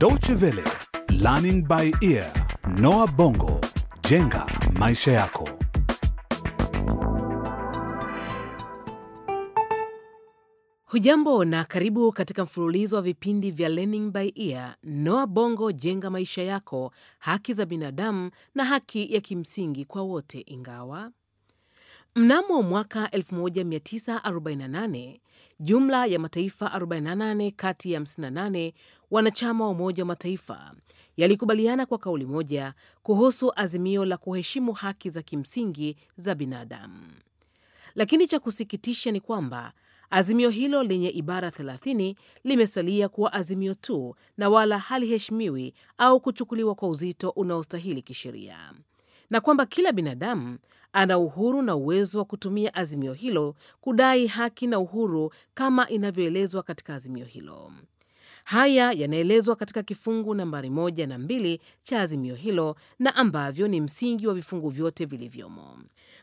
Deutsche Welle, Learning by Ear, Noah Bongo, Jenga Maisha Yako. Hujambo na karibu katika mfululizo wa vipindi vya Learning by Ear, Noah Bongo, Jenga Maisha Yako, haki za binadamu na haki ya kimsingi kwa wote, ingawa Mnamo mwaka 1948 jumla ya mataifa 48 kati ya 58 wanachama wa Umoja wa Mataifa yalikubaliana kwa kauli moja kuhusu azimio la kuheshimu haki za kimsingi za binadamu. Lakini cha kusikitisha ni kwamba azimio hilo lenye ibara 30 limesalia kuwa azimio tu na wala haliheshimiwi au kuchukuliwa kwa uzito unaostahili kisheria na kwamba kila binadamu ana uhuru na uwezo wa kutumia azimio hilo kudai haki na uhuru kama inavyoelezwa katika azimio hilo. Haya yanaelezwa katika kifungu nambari moja na mbili cha azimio hilo na ambavyo ni msingi wa vifungu vyote vilivyomo.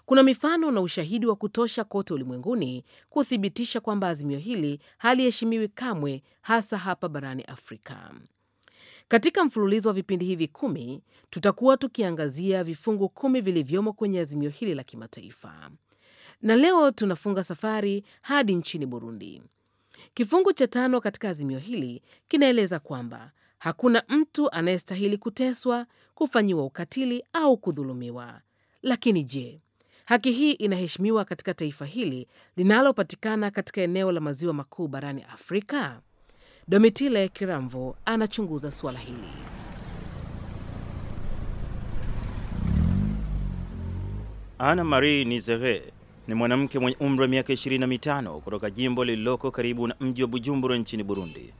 Kuna mifano na ushahidi wa kutosha kote ulimwenguni kuthibitisha kwamba azimio hili haliheshimiwi kamwe, hasa hapa barani Afrika. Katika mfululizo wa vipindi hivi kumi tutakuwa tukiangazia vifungu kumi vilivyomo kwenye azimio hili la kimataifa, na leo tunafunga safari hadi nchini Burundi. Kifungu cha tano katika azimio hili kinaeleza kwamba hakuna mtu anayestahili kuteswa, kufanyiwa ukatili au kudhulumiwa. Lakini je, haki hii inaheshimiwa katika taifa hili linalopatikana katika eneo la maziwa makuu barani Afrika? Domitile Kiramvo anachunguza suala hili. Ana Marie Nizere ni mwanamke mwenye umri wa miaka 25 kutoka jimbo lililoko karibu na mji wa Bujumbura nchini Burundi.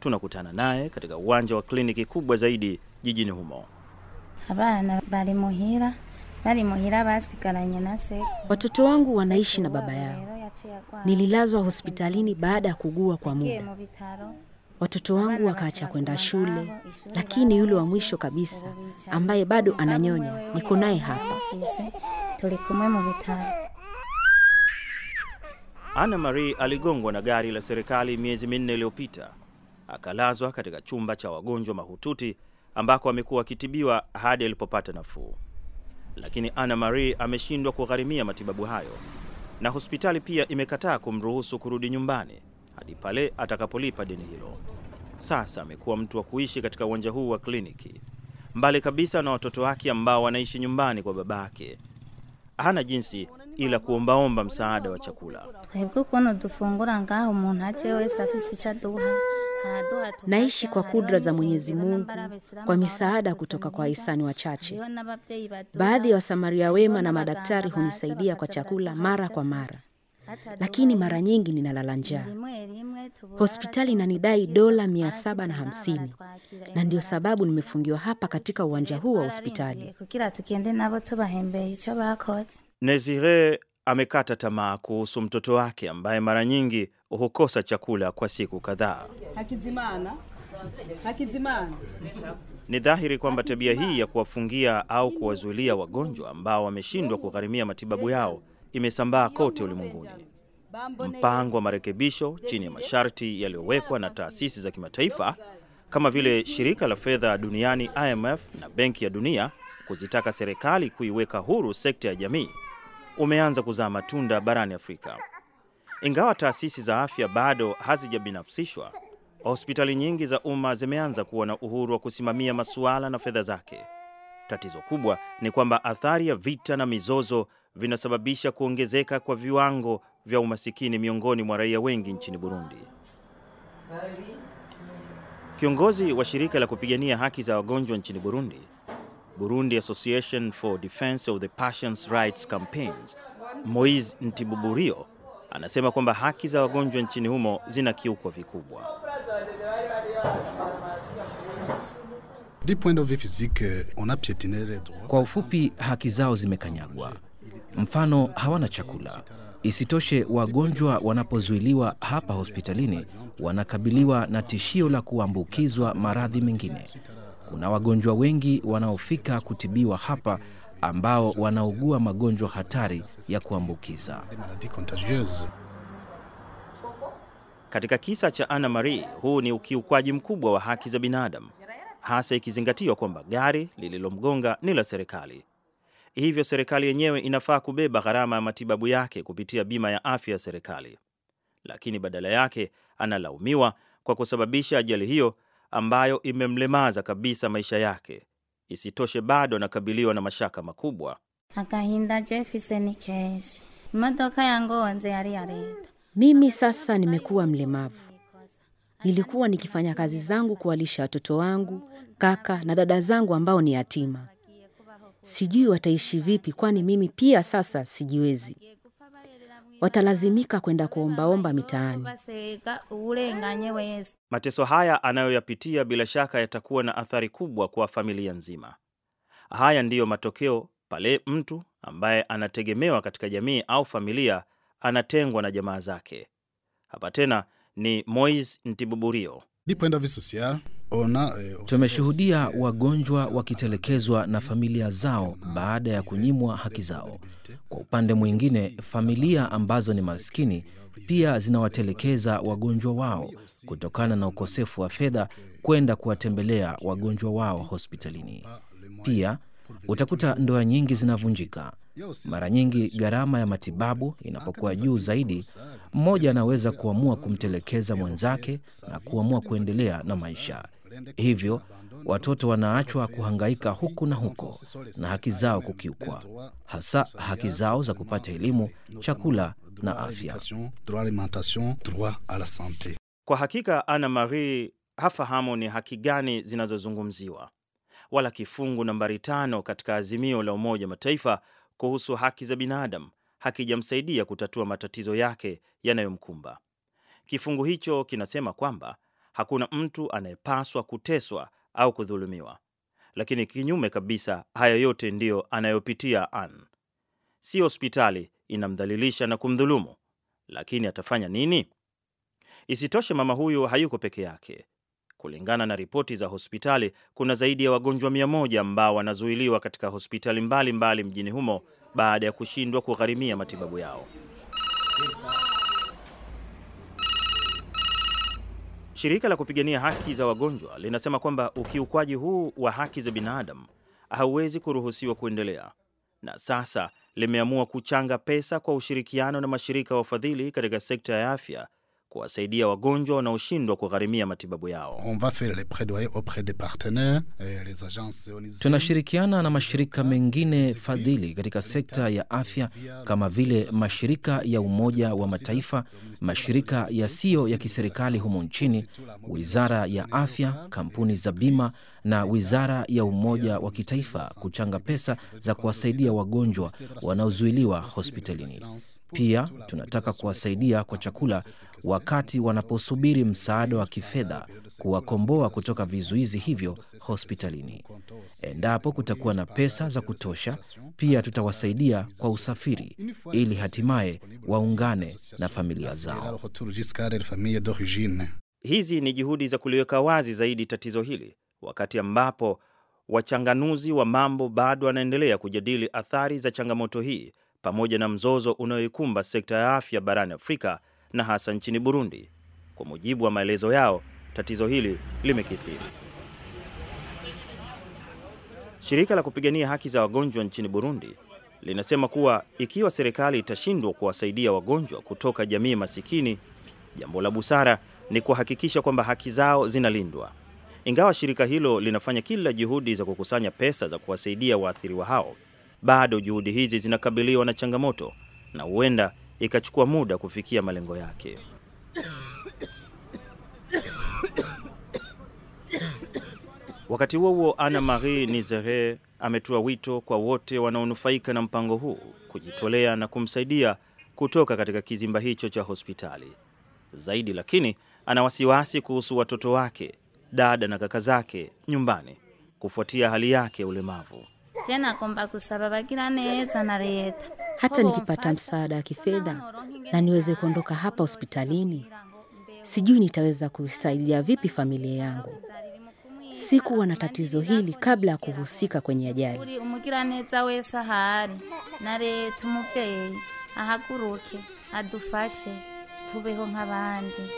Tunakutana naye katika uwanja wa kliniki kubwa zaidi jijini humo. Abana bali muhira Watoto wangu wanaishi na baba yao. Nililazwa hospitalini baada ya kuugua kwa muda. Watoto wangu wakaacha kwenda shule, lakini yule wa mwisho kabisa ambaye bado ananyonya niko naye hapa. Anna Marie aligongwa na gari la serikali miezi minne iliyopita, akalazwa katika chumba cha wagonjwa mahututi ambako amekuwa akitibiwa hadi alipopata nafuu lakini Anna Marie ameshindwa kugharimia matibabu hayo na hospitali pia imekataa kumruhusu kurudi nyumbani hadi pale atakapolipa deni hilo. Sasa amekuwa mtu wa kuishi katika uwanja huu wa kliniki, mbali kabisa na watoto wake ambao wanaishi nyumbani kwa babake. Hana jinsi ila kuombaomba msaada wa chakula. Naishi kwa kudra za Mwenyezi Mungu, kwa misaada kutoka kwa wahisani wachache. Baadhi ya wasamaria wema na madaktari hunisaidia kwa chakula mara kwa mara, lakini mara nyingi ninalala njaa. Hospitali inanidai dola mia saba na hamsini na ndio sababu nimefungiwa hapa katika uwanja huu wa hospitali. Nezire amekata tamaa kuhusu mtoto wake ambaye mara nyingi hukosa chakula kwa siku kadhaa. Ni dhahiri kwamba tabia hii ya kuwafungia au kuwazuilia wagonjwa ambao wameshindwa kugharimia matibabu yao imesambaa kote ulimwenguni. Mpango wa marekebisho chini ya masharti yaliyowekwa na taasisi za kimataifa kama vile shirika la fedha duniani IMF na Benki ya Dunia kuzitaka serikali kuiweka huru sekta ya jamii umeanza kuzaa matunda barani Afrika. Ingawa taasisi za afya bado hazijabinafsishwa, hospitali nyingi za umma zimeanza kuwa na uhuru wa kusimamia masuala na fedha zake. Tatizo kubwa ni kwamba athari ya vita na mizozo vinasababisha kuongezeka kwa viwango vya umasikini miongoni mwa raia wengi nchini Burundi. Kiongozi wa shirika la kupigania haki za wagonjwa nchini Burundi Burundi Association for Defense of the Patients Rights Campaigns, Moise Ntibuburio anasema kwamba haki za wagonjwa nchini humo zinakiukwa vikubwa. Kwa ufupi, haki zao zimekanyagwa. Mfano, hawana chakula. Isitoshe, wagonjwa wanapozuiliwa hapa hospitalini wanakabiliwa na tishio la kuambukizwa maradhi mengine kuna wagonjwa wengi wanaofika kutibiwa hapa ambao wanaugua magonjwa hatari ya kuambukiza. Katika kisa cha Anna Marie, huu ni ukiukwaji mkubwa wa haki za binadamu, hasa ikizingatiwa kwamba gari lililomgonga ni la serikali. Hivyo serikali yenyewe inafaa kubeba gharama ya matibabu yake kupitia bima ya afya ya serikali, lakini badala yake analaumiwa kwa kusababisha ajali hiyo ambayo imemlemaza kabisa maisha yake. Isitoshe, bado anakabiliwa na mashaka makubwa. akahinda Jefferson Keshi imodoka yangu wonze yari yareta. Mimi sasa nimekuwa mlemavu. Nilikuwa nikifanya kazi zangu kuwalisha watoto wangu, kaka na dada zangu ambao ni yatima. Sijui wataishi vipi, kwani mimi pia sasa sijiwezi watalazimika kwenda kuombaomba mitaani. Mateso haya anayoyapitia bila shaka yatakuwa na athari kubwa kwa familia nzima. Haya ndiyo matokeo pale mtu ambaye anategemewa katika jamii au familia anatengwa na jamaa zake. Hapa tena ni mois Ntibuburio Eh, Tumeshuhudia eh, wagonjwa eh, wakitelekezwa na familia zao baada ya kunyimwa haki zao. Kwa upande mwingine, familia ambazo ni maskini pia zinawatelekeza wagonjwa wao kutokana na ukosefu wa fedha kwenda kuwatembelea wagonjwa wao hospitalini. Pia utakuta ndoa nyingi zinavunjika mara nyingi gharama ya matibabu inapokuwa juu zaidi, mmoja anaweza kuamua kumtelekeza mwenzake na kuamua kuendelea na maisha. Hivyo watoto wanaachwa kuhangaika huku na huko na haki zao kukiukwa, hasa haki zao za kupata elimu, chakula na afya. Kwa hakika Ana Marie hafahamu ni haki gani zinazozungumziwa, wala kifungu nambari tano katika azimio la Umoja Mataifa kuhusu haki za binadamu hakijamsaidia kutatua matatizo yake yanayomkumba. Kifungu hicho kinasema kwamba hakuna mtu anayepaswa kuteswa au kudhulumiwa, lakini kinyume kabisa, haya yote ndiyo anayopitia Ann. Si hospitali inamdhalilisha na kumdhulumu, lakini atafanya nini? Isitoshe, mama huyu hayuko peke yake. Kulingana na ripoti za hospitali, kuna zaidi ya wagonjwa mia moja ambao wanazuiliwa katika hospitali mbalimbali mbali mjini humo baada ya kushindwa kugharimia matibabu yao. Shirika la kupigania haki za wagonjwa linasema kwamba ukiukwaji huu wa haki za binadamu hauwezi kuruhusiwa kuendelea, na sasa limeamua kuchanga pesa kwa ushirikiano na mashirika wafadhili katika sekta ya afya kuwasaidia wagonjwa wanaoshindwa kugharimia matibabu yao. Tunashirikiana na mashirika mengine fadhili katika sekta ya afya kama vile mashirika ya Umoja wa Mataifa, mashirika yasiyo ya kiserikali humo nchini, Wizara ya Afya, kampuni za bima na Wizara ya Umoja wa Kitaifa kuchanga pesa za kuwasaidia wagonjwa wanaozuiliwa hospitalini. Pia tunataka kuwasaidia kwa chakula wakati wanaposubiri msaada wa kifedha kuwakomboa kutoka vizuizi hivyo hospitalini. Endapo kutakuwa na pesa za kutosha, pia tutawasaidia kwa usafiri ili hatimaye waungane na familia zao. Hizi ni juhudi za kuliweka wazi zaidi tatizo hili wakati ambapo wachanganuzi wa mambo bado wanaendelea kujadili athari za changamoto hii pamoja na mzozo unaoikumba sekta ya afya barani Afrika na hasa nchini Burundi. Kwa mujibu wa maelezo yao, tatizo hili limekithiri. Shirika la kupigania haki za wagonjwa nchini Burundi linasema kuwa ikiwa serikali itashindwa kuwasaidia wagonjwa kutoka jamii masikini, jambo la busara ni kuhakikisha kwamba haki zao zinalindwa. Ingawa shirika hilo linafanya kila juhudi za kukusanya pesa za kuwasaidia waathiriwa hao, bado juhudi hizi zinakabiliwa na changamoto na huenda ikachukua muda kufikia malengo yake. Wakati huo huo, Anna Marie Nizere ametoa wito kwa wote wanaonufaika na mpango huu kujitolea na kumsaidia kutoka katika kizimba hicho cha hospitali zaidi, lakini ana wasiwasi kuhusu watoto wake dada na kaka zake nyumbani kufuatia hali yake ya ulemavu. Hata nikipata msaada wa kifedha na niweze kuondoka hapa hospitalini, sijui nitaweza kusaidia vipi familia yangu. Sikuwa na tatizo hili kabla ya kuhusika kwenye ajali. Ahagurutse adufashe tubeho nk'abandi.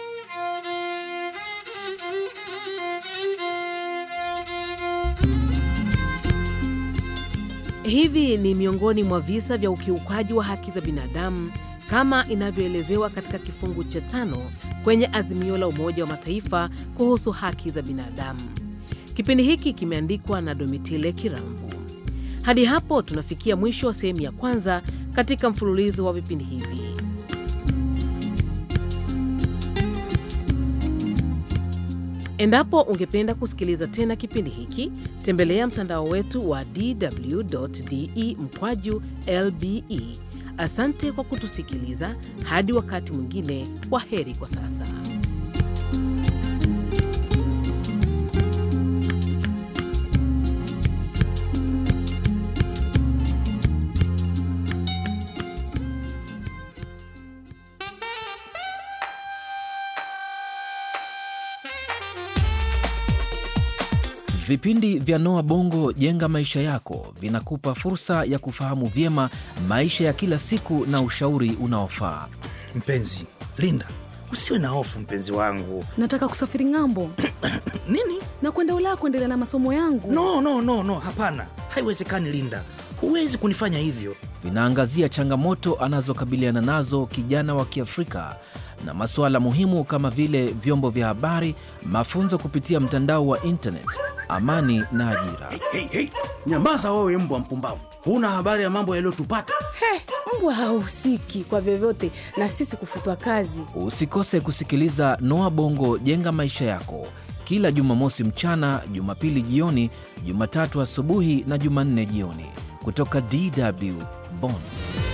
Hivi ni miongoni mwa visa vya ukiukaji wa haki za binadamu kama inavyoelezewa katika kifungu cha tano kwenye azimio la Umoja wa Mataifa kuhusu haki za binadamu. Kipindi hiki kimeandikwa na Domitile Kiramvu. Hadi hapo tunafikia mwisho wa sehemu ya kwanza katika mfululizo wa vipindi hivi. Endapo ungependa kusikiliza tena kipindi hiki, tembelea mtandao wetu wa dw.de mkwaju lbe. Asante kwa kutusikiliza. Hadi wakati mwingine, kwa heri kwa sasa. Vipindi vya Noa Bongo Jenga Maisha Yako vinakupa fursa ya kufahamu vyema maisha ya kila siku na ushauri unaofaa. Mpenzi, linda usiwe na hofu mpenzi wangu, nataka kusafiri ng'ambo. Nini? na kwenda Ulaya kuendelea na masomo yangu. No, no, no, no, hapana, haiwezekani Linda, huwezi kunifanya hivyo. Vinaangazia changamoto anazokabiliana nazo kijana wa Kiafrika na masuala muhimu kama vile vyombo vya habari, mafunzo kupitia mtandao wa internet, amani na ajira. Hey, hey, hey. Nyamaza wewe mbwa mpumbavu, huna habari ya mambo yaliyotupata. Hey, mbwa hahusiki kwa vyovyote na sisi kufutwa kazi. Usikose kusikiliza Noa Bongo Jenga Maisha Yako kila Jumamosi mchana, Jumapili jioni, Jumatatu asubuhi na Jumanne jioni kutoka DW Bonn.